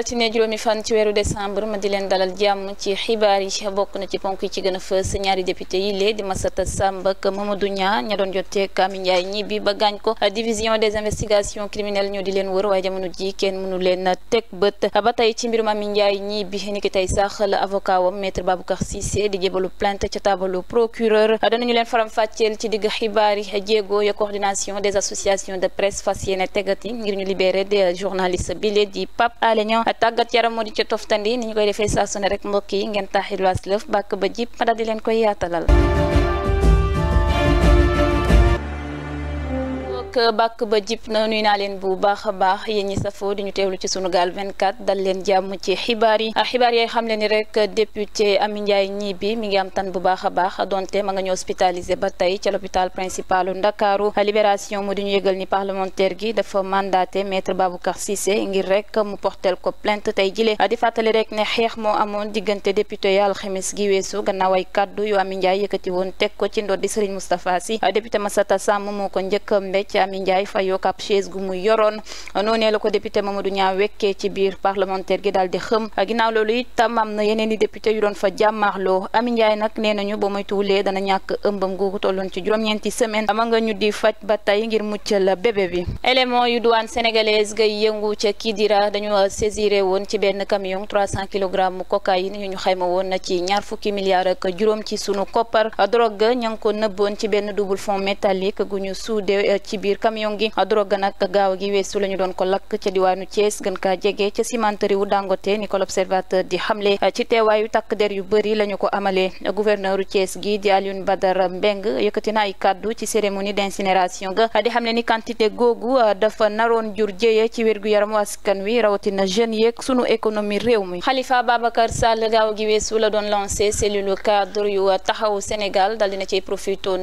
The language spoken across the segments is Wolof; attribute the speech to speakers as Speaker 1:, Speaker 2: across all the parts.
Speaker 1: altine juróomi fan ci weeru décembre ma di leen dalal jàmm ci xibaar yi bokk na ci ponk yi ci gën a fës ñaari député yi lee di Massata Samb ak Mamadou Niang ña doon jotee Kami Ndiaye ñibbi ba gaañ ko division des investigations criminelles ñoo di leen wër waaye jamono ji kenn mënu leen bët ba tey ci mbirum Ami Ndiaye ñibbi ni ki tey sax la avocat wam maître Baboucar Cissé di jébalu plainte ca tabalu procureur danañu leen faram fàcceel ci digg xibaar yi jéego ya coordination des associations de presse fas yéene tegati ngir ñu libérer des journalistes bi di Pape Alé Niang tàggat yaram moo di ca toftandi ni ñu koy defee saa su ne ngeen taaxil waas lëf bàkk ba jib ma di leen koy yaatalal nag bàkk ba jib na a baax yéen ñi safoo di ñu teewlu ci sunu gaal 24 dal leen jàmm ci xibaar ah, xam leen ni rek député Amy Ndiaye Gniby mi ngi am bu baax a baax donte ma nga ñu hospitalisé ba tey ca l'hôpital principalu Ndakaaru ah, libération mu di ñu yëgal ni parlementaire gi dafa mandaté maître Baboucar Cissé ngir rek mu portel ko plainte tey jile ah, di fàttali rek ne xeex moo amoon diggante député ya alxames gi weesu gannaaw ay kaddu yu Amy Ndiaye yëkkati woon teg ko ci ndoor di Serigne Moustapha Sy député Massata Samb moo ko njëkk mbécc Ami Ndiaye fayoo kap chaise gu mu yoroon noonee la ko député Mamadou Niang wekkee di xëm ginnaaw loolu itam am na i nga ñu faj ba tey ngir muccal bébé bi élément yu douane sénégalaise gay yëngu ca Kidira dañu saisiré woon ci benn camion 300 kilogrammes cocaïne ñu ñu xayma woon na ci ñaar fukki milliards ak juróom ci sunu koppar drogue ña ngi ko nëbboon ci benn double fond métallique gu ñu suude ci biir biir camion gi drogue nag gaaw gi weesu la ñu doon ko lakk ca diwaanu Thiès gën kaa jege ca cimenterie wu Dangote ni ko l'observateur di xamle ci teewaayu takk der yu bëri la ñu ko amalee gouverneur u Thiès gi di Alioune Badara Mbeng yëkkati na ay kàddu ci cérémonie d'incinération ga di xamle ni quantité googu ah, dafa naroon jur jéye ci wér-gu-yaramu askan wi rawatina jeunes yeeg sunu économie réew mi Khalifa Babacar Sall gaaw gi weesu la doon lancé cellule cadre yu ah, ta Sénégal dal dina ciy profito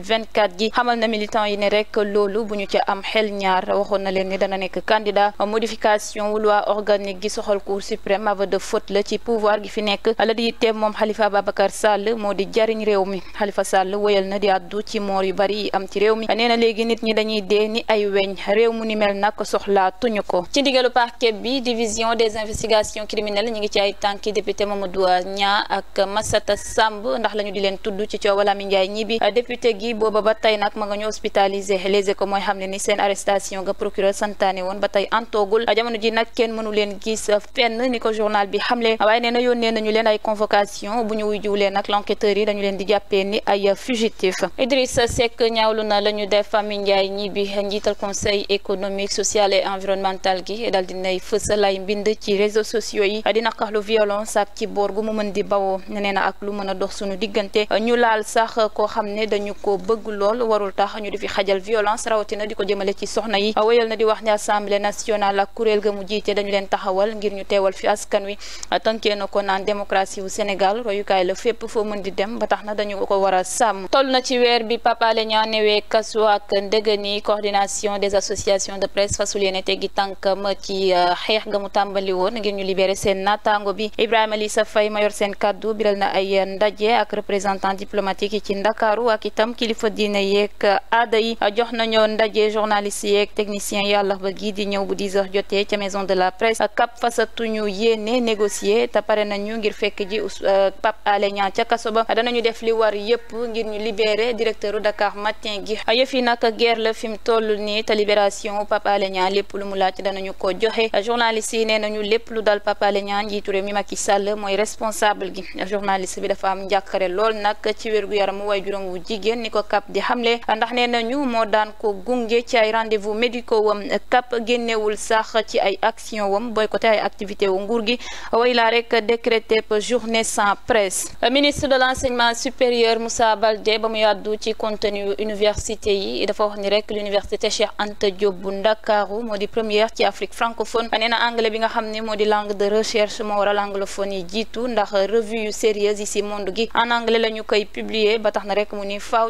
Speaker 1: 2024 gi xamal na militant yi ne rek loolu bu ñu ci am xel ñaar waxoon na leen ni nekk candidat modification wu organique gi soxal cour suprême aveu de la ci pouvoir gi fi nekk la di itteem moom Khalifa Babacar Sall moo di jariñ réew mi Khalifa Sall woyal na di àddu ci moor yu bari yi am ci réew mi nee léegi nit ñi dañuy dee ni ay weñ réew mu ni mel nag soxlaa tuñu ko ci ndigalu parquet bi division des investigations criminelles ñi ngi ci ay tànki député Mamadou Niang ak Massata Samb ndax lañu di leen tudd gi booba ba tey nag ma nga ñu hospitalisé Les Échos mooy xam ne ni seen arrestation nga procureur santaane woon ba tey antoogul jamono ji nag kenn mënu gis fenn ni ko journal bi xamle waaye nee na yónnee nañu leen ay convocation bu ñu wujjuwulee nag l'enquêteur yi dañu leen di jàppee ni ay fugitif Idrissa Seck ñaawlu na la def Famille Ndiaye ñi bi njiital conseil économique social et environnemental gi dal dinay fësal ay mbind ci réseaux sociaux yi dina xaxlu violence ak a ko bëgg lool warul tax ñu di fi xajal violence rawatina di ko jëmale ci soxna yi wéyal na di wax ne assemblée nationale ak kuréel ga mu jiite dañu leen taxawal ngir ñu teewal fi askan wi tënkee na ko naan démocratie wu Sénégal royukaay la fépp foo mën di dem ba tax na dañu ko war a sàmm toll na ci weer bi Pape Alé Niang newee kasu ak ndëgëni coordination des associations de presse fasul yéene teggi tànkam ci euh, xeex ga mu tàmbali woon ngir ñu libéré seen naataango bi Ibrahima Lissa Faye mayor seen kàddu biral na ay ndaje kilifa diine yeeg aada yi jox nañoo ndaje journaliste yeeg technicien yàlla ba gii di ñëw bu 10 heures jotee ca maison de la presse kap fasatuñu yéene négocier te pare nañu ngir fekk ji euh, Pape Alé Niang ca kaso ba danañu def li war yépp ngir ñu libérer directeur Dakar matin gi yëf yi nag guerre la fi mu toll nii te libération Pape Alé Niang lépp lu mu laaj ñu ko joxe journaliste yi nee nañu lépp lu dal Pape Alé Niang njiitu réew mi Macky Sall mooy responsable gi ko CAP di xamle ndax nee nañu moo daan ko gunge ci ay rendez-vous médicaux wam CAP génnewul sax ci ay action wam boycotté ay activité wu nguur gi way laa rek décrété journée sans presse ministre de l'enseignement supérieur Moussa Baldé ba mu yàddu ci contenu université yi dafa wax ni rek l'université Cheikh Anta Diop bu Ndakaaru moo di première ci Afrique francophone nee na anglais bi nga xam ne moo di langue de recherche moo waral anglophone yi jiitu ndax revue yu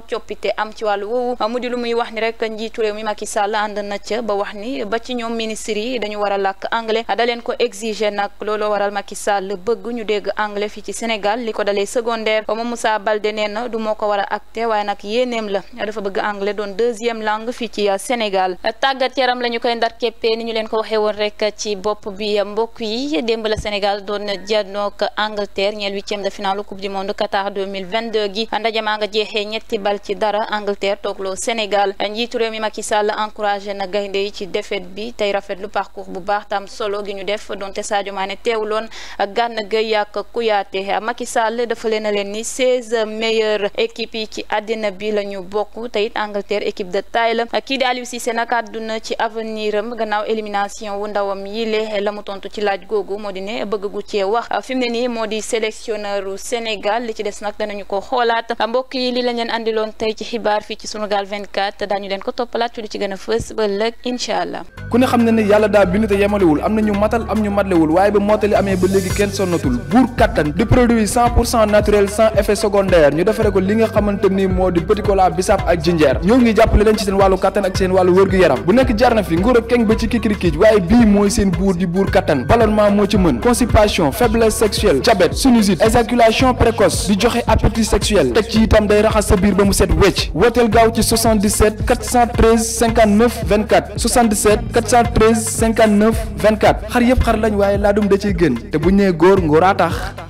Speaker 1: gi coppite am ci wàllu woowu ah, mu di lu muy wax ni rek njiitu réew mi Macky Sall ànd na ca ba wax ni ba ci ñoom ministres yi dañu war a làkk anglais ah, da leen ko exiger nag looloo waral Macky Sall bëgg ñu dégg anglais fii ci Sénégal li ko dalee secondaire ah, moom Moussa Baldé nee na du moo ko war a acté waaye nag yéeneem la dafa bëgg anglais doon deuxième langue fii ci Sénégal tàggat yaram la ñu koy ndar keppee ni ñu leen ko waxee woon rek ci bopp bi mbokk yi démb la Sénégal doon janook Angleterre ñeel huitième de finale coupe du monde Qatar 2022 gi ndaje Sénégal ci dara Angleterre toogloo Sénégal njiitu réew mi Macky Sall encouragé na gaynde yi ci défaite bi tey rafet rafetlu parcours bu baax tam solo gi ñu def donte Sadio Mané teewloon gànn gay ak Kouyaté Macky Sall dafa leen a leen ni 16 meilleures équipes yi ci àddina bi la ñu bokk tey it Angleterre équipe de taille la kii di si Cissé nag adduna ci aveniram am gannaaw élimination wu ndawam yi lee la mu tontu ci laaj googu moo di ne bëgg gu cee wax fi mu ne nii moo di sélectionneur Sénégal li ci des nag ko doonoon tey ci xibaar fii ci Sunugal 24 daañu leen ko toppalaat ci lu ci gën a fës ba lëg incha allah.
Speaker 2: ku ne xam ne ne yàlla daa bind te yemalewul am na ñu matal am ñu matlewul waaye ba mottali amee ba léegi kenn sonnatul buur kattan di produit cent pour cent naturel sans effet secondaire ñu defare ko li nga xamante ni moo di petit cola bisaab ak jinjeer ñoo ngi jàppale leen ci seen wàllu kattan ak seen wàllu wërgu yaram bu nekk jarna fi nguur ak set wecc wooteel gaaw ci 77 413 59 24 77 413 59 24 xar yëpp xar lañ waaye laa dum da ciy gën te bu ñu nee góor ngóoraa tax